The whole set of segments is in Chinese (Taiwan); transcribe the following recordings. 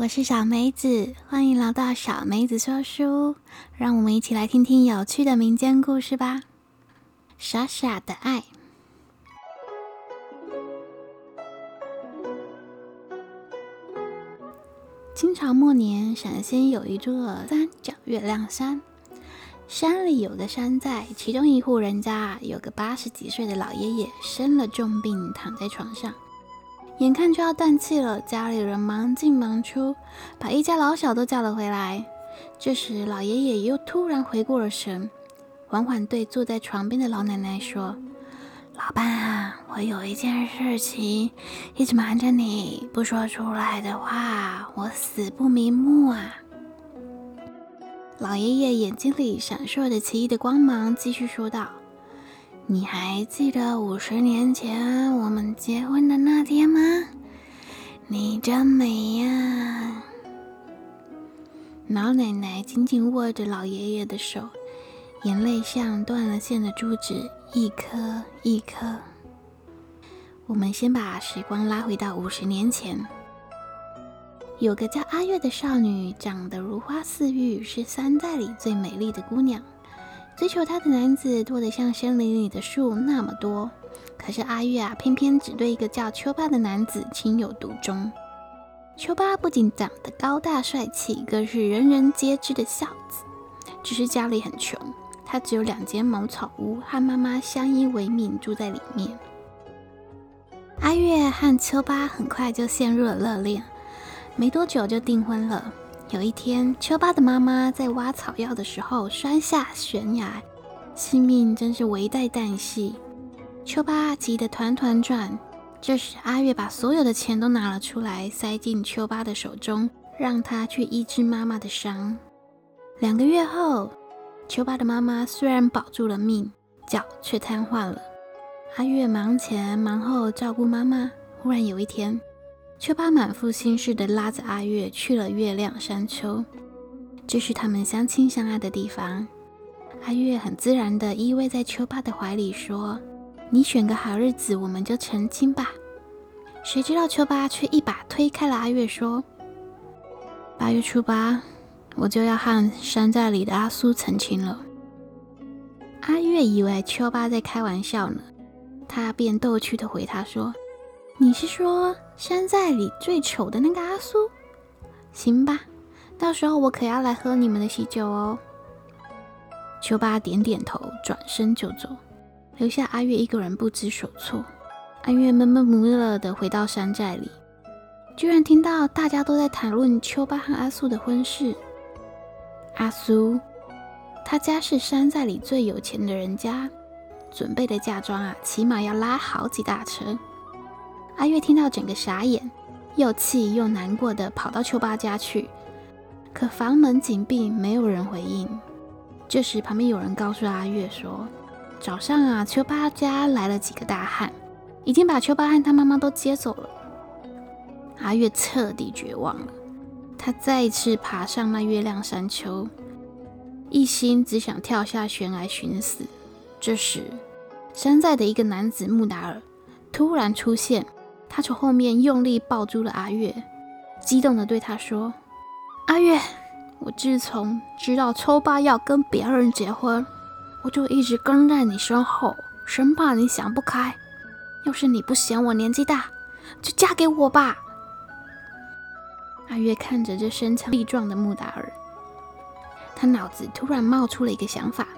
我是小梅子，歡迎來到小梅子說書，讓我們一起來聽聽有趣的民間故事吧。傻傻的愛。清朝末年，陝西有一座三角月亮山，山裡有個山寨，其中一戶人家有個八十幾歲的老爺爺，生了重病，躺在床上。眼看就要斷氣了，家裡人忙進忙出，把一家老小都叫了回來。這時，老爺爺又突然回過了神，緩緩對坐在床邊的老奶奶說：“老伴啊，我有一件事情一直瞞着你，不說出來的話，我死不瞑目啊。”老爺爺眼睛裡閃爍着奇異的光芒，繼續說道。你還記得五十年前我們結婚的那天嗎？你真美呀！老奶奶緊緊握着老爺爺的手，眼淚像斷了線的珠子，一顆一顆。我們先把時光拉回到五十年前，有個叫阿月的少女，長得如花似玉，是山寨裡最美麗的姑娘。追求她的男子多得像森林裡的樹那麼多，可是阿月啊，偏偏只對一個叫丘巴的男子情有獨鍾。丘巴不僅長得高大帥氣，更是人人皆知的孝子。只是家裡很窮，他只有兩間茅草屋，和媽媽相依為命住在裡面。阿月和丘巴很快就陷入了熱戀，沒多久就訂婚了。有一天，秋巴的媽媽在挖草藥的時候摔下懸崖，性命真是危在旦夕。秋巴急得團團轉。這時，阿月把所有的錢都拿了出來，塞進秋巴的手中，讓他去醫治媽媽的傷。兩個月後，秋巴的媽媽雖然保住了命，腳卻癱瘓了。阿月忙前忙後照顧媽媽。忽然有一天，秋巴滿腹心事的拉着阿月去了月亮山丘，這、就是他們相親相愛的地方。阿月很自然的依偎在秋巴的懷裡說：“你選個好日子，我們就成親吧。”誰知道秋巴卻一把推開了阿月說：“八月初八，我就要和山寨裡的阿蘇成親了。”阿月以為秋巴在開玩笑呢，他便逗趣的回他說：“你是說？”山寨裡最醜的那個阿蘇，行吧，到時候我可要來喝你們的喜酒哦。秋巴點點頭，轉身就走，留下阿月一個人不知所措。阿月悶悶不樂的回到山寨裡，居然聽到大家都在談論秋巴和阿蘇的婚事。阿蘇，他家是山寨裡最有錢的人家，準備的嫁妝啊，起碼要拉好幾大車。阿月聽到，整個傻眼，又氣又難過的跑到秋巴家去，可房門緊閉，沒有人回應。這時，旁邊有人告訴阿月說：“早上啊，秋巴家來了幾個大漢，已經把秋巴和他媽媽都接走了。”阿月徹底絕望了，她再一次爬上那月亮山丘，一心只想跳下懸崖尋死。這時，山寨的一個男子穆達爾突然出現。他從後面用力抱住了阿月，激動地對他說：“阿月，我自從知道抽巴要跟別人結婚，我就一直跟在你身後，生怕你想不開。要是你不嫌我年紀大，就嫁給我吧。”阿月看着這身強力壯的穆達爾，他腦子突然冒出了一個想法：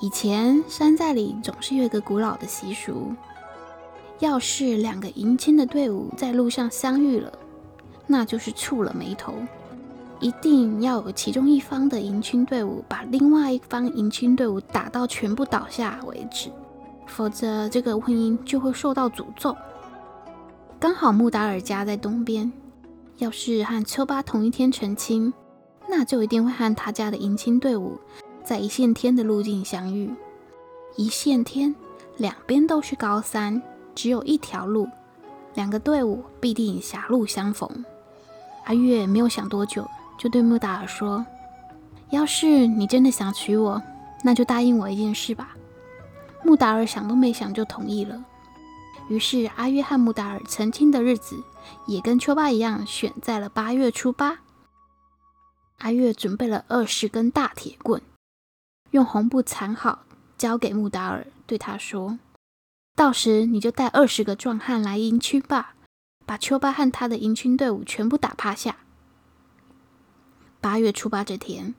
以前山寨裡總是有一個古老的習俗。要是兩個迎親的隊伍在路上相遇了，那就是觸了霉頭，一定要有其中一方的迎親隊伍把另外一方迎親隊伍打到全部倒下為止，否則這個婚姻就會受到詛咒。剛好穆達爾家在東邊，要是和丘巴同一天成親，那就一定會和他家的迎親隊伍在一線天的路徑相遇。一線天兩邊都是高山。只有一條路，兩個隊伍必定狹路相逢。阿月沒有想多久，就對穆達爾說：“要是你真的想娶我，那就答應我一件事吧。”穆達爾想都沒想就同意了。於是，阿月和穆達爾成親的日子也跟丘巴一樣，選在了八月初八。阿月準備了二十根大鐵棍，用紅布纏好，交給穆達爾，對他說。到時你就帶二十個壯漢來迎親吧，把丘巴和他的迎親隊伍全部打趴下。八月初八這天，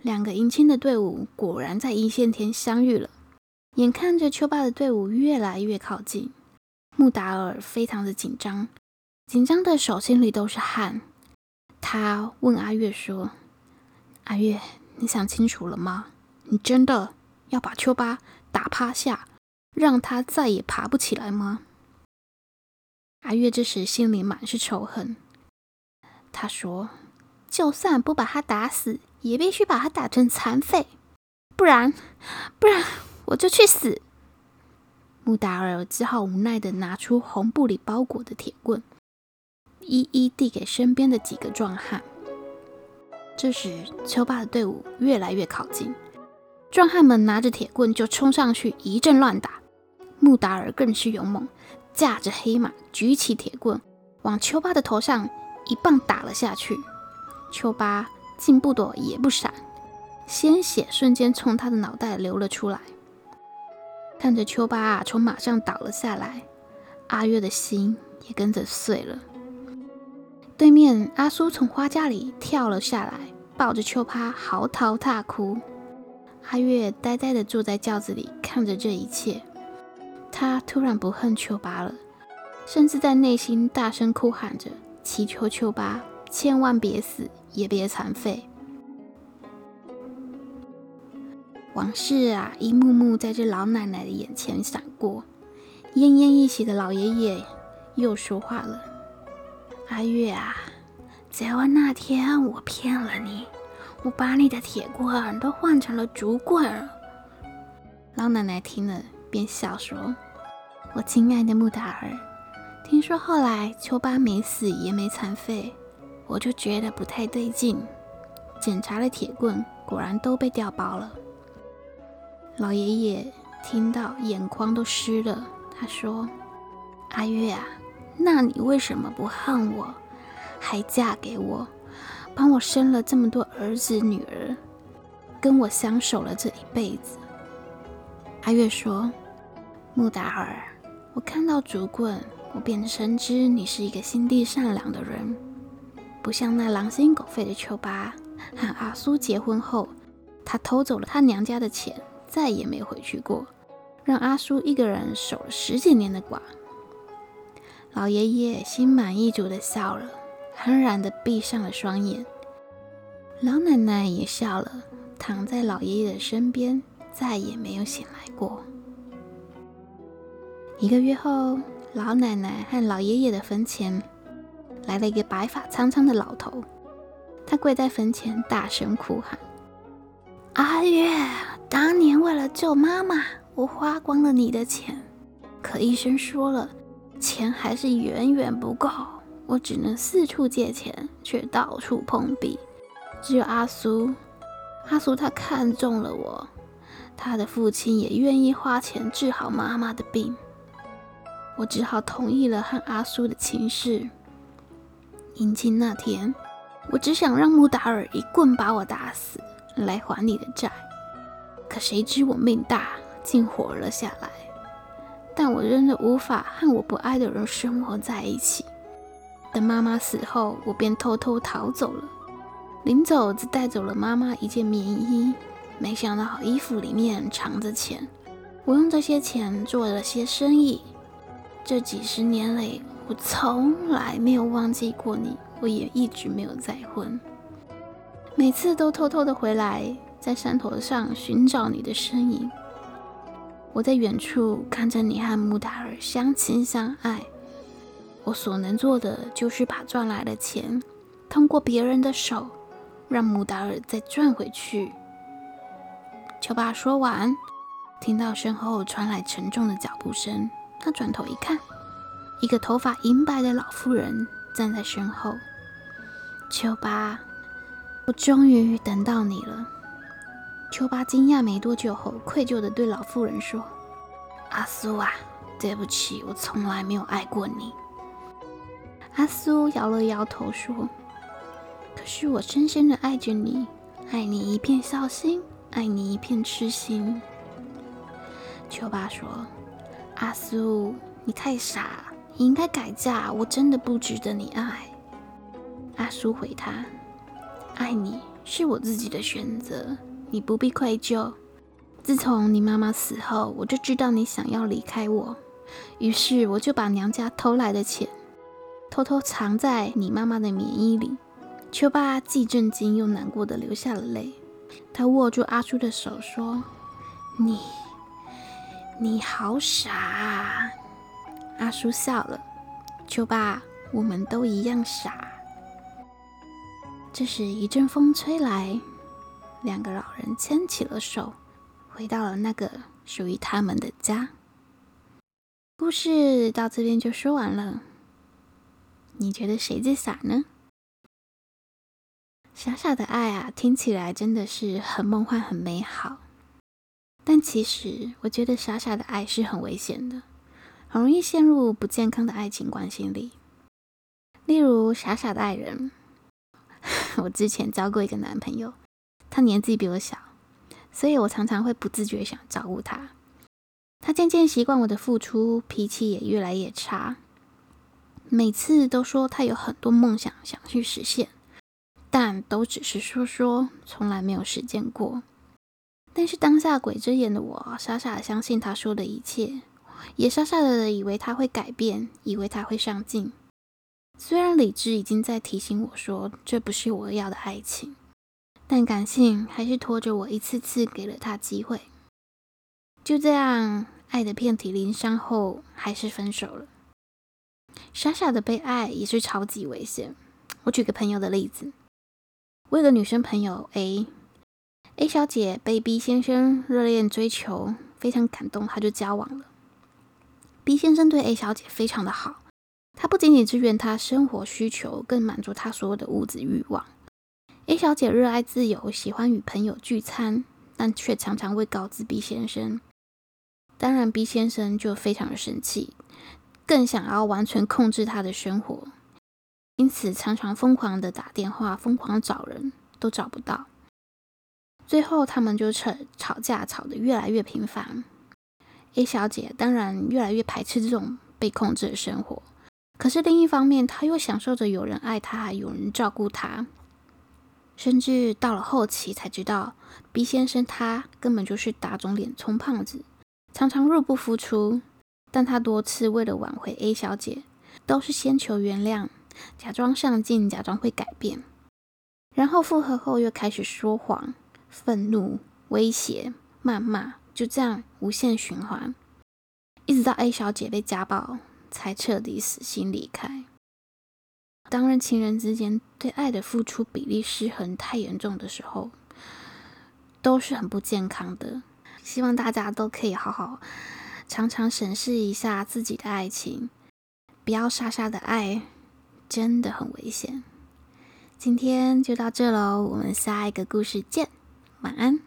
兩個迎親的隊伍果然在一線天相遇了。眼看着丘巴的隊伍越來越靠近，穆達爾非常的緊張，緊張的手心裡都是汗。他問阿月說：“阿月，你想清楚了嗎？你真的要把丘巴打趴下？”讓他再也爬不起來嗎？阿月這時心裡滿是仇恨。他說：“就算不把他打死，也必須把他打成殘廢，不然，不然我就去死。”穆達爾只好無奈的拿出紅布裡包裹的鐵棍，一一遞給身邊的幾個壯漢。這時，丘巴的隊伍越來越靠近，壯漢們拿着鐵棍就衝上去一陣亂打。穆達爾更是勇猛，駕着黑馬，舉起鐵棍，往秋巴的頭上一棒打了下去。秋巴竟不躲也不閃，鮮血瞬間從他的腦袋流了出來。看着秋巴、啊、從馬上倒了下來，阿月的心也跟着碎了。對面阿蘇從花架裡跳了下來，抱着秋巴嚎啕大哭。阿月呆呆的坐在轎子裡，看着這一切。他突然不恨秋巴了，甚至在內心大聲哭喊着，祈求秋巴千萬別死，也別殘廢。往事啊，一幕幕在這老奶奶的眼前閃過。奄奄一息的老爺爺又說話了：“阿月啊，結婚那天，我騙了你，我把你的鐵棍都換成了竹棍了。”老奶奶聽了，便笑說。我親愛的穆達爾，聽說後來丘巴沒死也沒殘廢，我就覺得不太對勁。檢查了鐵棍，果然都被調包了。老爺爺聽到，眼眶都濕了。他說：“阿月啊，那你為什麼不恨我，還嫁給我，幫我生了這麼多兒子女兒，跟我相守了這一輩子？”阿月說：“穆達爾。”我看到竹棍，我便深知你是一個心地善良的人，不像那狼心狗肺的秋巴。和阿蘇結婚後，他偷走了他娘家的錢，再也沒回去過，讓阿蘇一個人守了十幾年的寡。老爺爺心滿意足地笑了，安然地閉上了雙眼。老奶奶也笑了，躺在老爺爺的身邊，再也沒有醒來過。一個月後，老奶奶和老爺爺的墳前來了一個白髮蒼蒼的老頭，他跪在墳前大聲哭喊：“阿月，當年為了救媽媽，我花光了你的錢，可醫生說了，錢還是遠遠不夠，我只能四處借錢，卻到處碰壁。只有阿蘇，阿蘇他看中了我，他的父親也願意花錢治好媽媽的病。”我只好同意了和阿蘇的親事。迎親那天，我只想讓穆達爾一棍把我打死，來還你的債。可誰知我命大，竟活了下來。但我仍然無法和我不愛的人生活在一起。等媽媽死後，我便偷偷逃走了。臨走，只帶走了媽媽一件棉衣。沒想到衣服裡面藏着錢，我用這些錢做了些生意。這幾十年來，我從來沒有忘記過你，我也一直沒有再婚。每次都偷偷的回來，在山頭上尋找你的身影。我在遠處看着你和穆達爾相親相愛。我所能做的就是把賺來的錢，通過別人的手，讓穆達爾再賺回去。喬巴說完，聽到身後傳來沉重的腳步聲。他轉頭一看，一個頭髮銀白的老婦人站在身後。秋巴，我終於等到你了。秋巴驚訝沒多久後，愧疚的對老婦人說：“阿蘇啊，對不起，我從來沒有愛過你。”阿蘇搖了搖頭說：“可是我深深的愛着你，愛你一片孝心，愛你一片癡心。”秋巴說。阿蘇，你太傻，你應該改嫁。我真的不值得你愛。阿蘇回答，愛你是我自己的選擇，你不必愧疚。自從你媽媽死後，我就知道你想要離開我，於是我就把娘家偷來的錢偷偷藏在你媽媽的棉衣裡。秋霸既震驚又難過的流下了淚，他握住阿蘇的手說：“你。”你好傻啊。阿叔笑了。就爸，我們都一樣傻。這時一陣風吹來，兩個老人牽起了手，回到了那個屬於他們的家。故事到這邊就說完了。你覺得誰最傻呢？傻傻的愛啊，聽起來真的是很夢幻、很美好。但其實，我覺得傻傻的愛是很危險的，很容易陷入不健康的愛情關係裡。例如，傻傻的愛人，我之前交過一個男朋友，他年紀比我小，所以我常常會不自覺想照顧他。他漸漸習慣我的付出，脾氣也越來越差。每次都說他有很多夢想想去實現，但都只是說說，從來沒有實踐過。但是當下鬼遮眼的我，傻傻相信他說的一切，也傻傻的以為他會改變，以為他會上進。雖然理智已經在提醒我說這不是我要的愛情，但感性還是拖着我一次次給了他機會。就這樣，愛得遍體鱗傷後，還是分手了。傻傻的被愛也是超級危險。我舉個朋友的例子，我有個女生朋友，哎。A 小姐被 B 先生熱戀追求，非常感動，她就交往了。B 先生對 A 小姐非常的好，他不僅僅支援她生活需求，更滿足她所有的物質慾望。A 小姐熱愛自由，喜歡與朋友聚餐，但卻常常會告知 B 先生。當然，B 先生就非常的生氣，更想要完全控制她的生活，因此常常瘋狂的打電話，瘋狂找人都找不到。最後，他們就吵吵架，吵得越來越頻繁。A 小姐當然越來越排斥這種被控制的生活，可是另一方面，她又享受着有人愛她，有人照顧她。甚至到了後期才知道，B 先生他根本就是打腫臉充胖子，常常入不敷出。但她多次為了挽回 A 小姐，都是先求原諒，假裝上進，假裝會改變，然後復合後又開始說謊。憤怒、威脅、謾罵，就這樣無限循環，一直到 A 小姐被家暴才徹底死心離開。當然，情人之間對愛的付出比例失衡太嚴重的時候，都是很不健康的。希望大家都可以好好常常審視一下自己的愛情，不要傻傻的愛，真的很危險。今天就到這嘍，我們下一個故事見。晚安。